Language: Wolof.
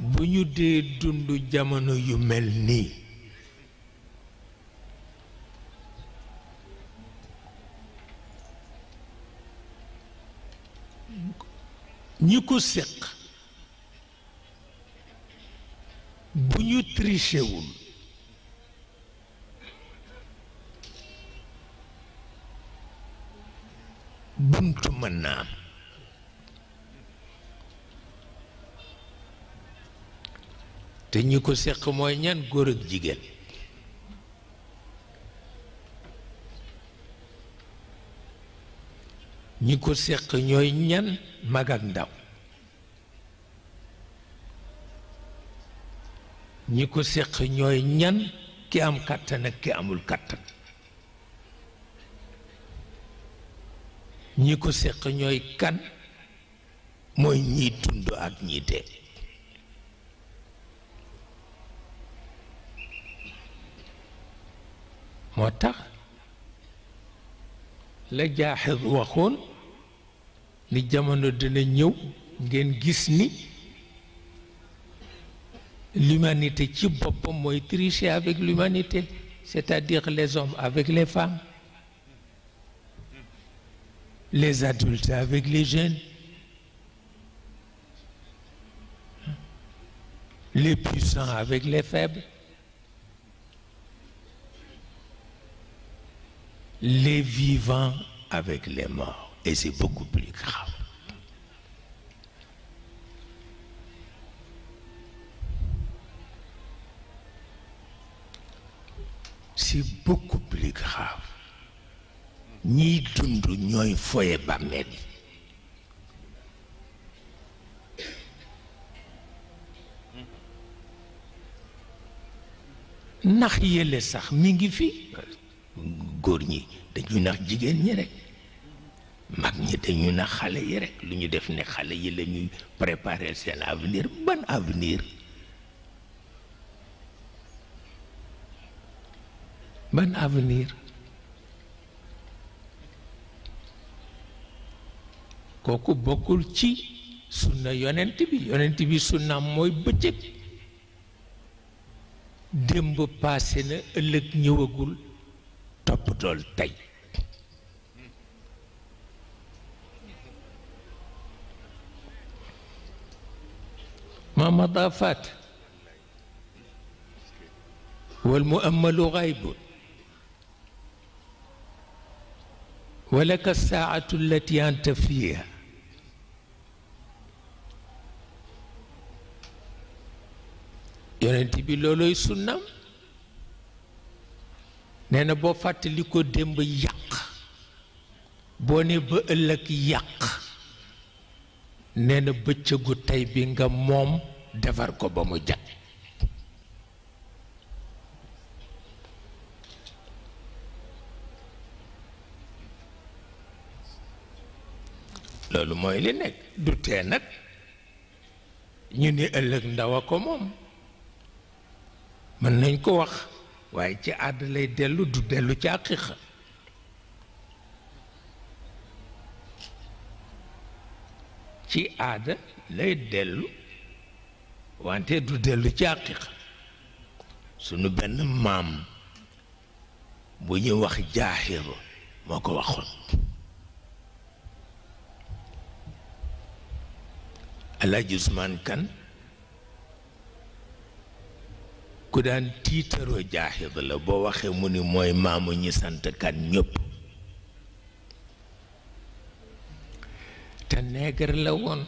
bu ñu dee dund jamono yu mel nii ñi ko séq bu ñu trichewul buntu mën naa te ñi ko séq mooy ñan góor ak jigéen ñi ko séq ñooy ñan mag ak ndaw ñi ko séq ñooy ñan ki am kàttan ak ki amul kàttan ñi ko séq ñooy kan mooy ñiy dund ak ñiy dee la l'humanité qui boppam mooy tricher avec l'humanité c'est-à-dire les hommes avec les femmes les adultes avec les jeunes les puissants avec les faibles les vivants avec les morts. Et c'est beaucoup plus grave. C'est beaucoup plus grave. Ni dundu ñoy foye les yele goor ñi dañuy nax jigen ñi rek mag ñi dañuy nax xalé yi rek lu ñu def ne xalé yi la ñuy préparer sen avenir ban avenir ban avenir koku bokul ci sunna yonent bi yonent bi sunna moy bëccëg démb passé na ëlëk ñëwagul jol tey ما مضافات والمؤمل غيب ولك الساعة التي أنت فيها يعني أنت بلولو يسنم nee na boo fàttali ko démb yàq boo ne ba ëllëg yàq nee na bëccëgu tey bi nga moom defar ko ba mu jag loolu mooy li nekk du nag ñu ni ëllëg ndaw a ko moom mën nañ ko wax waaye ci aada lay dellu du dellu ci àqiqa ci aada lay dellu wante du dellu ci àqiqa sunu benn maam bu ñu wax jaaxir moo ko waxoon Alaaji Kan ku daan tiitaroo jaaxid la boo waxee mu ni mooy maamu ñi sant kan ñëpp te neegar la woon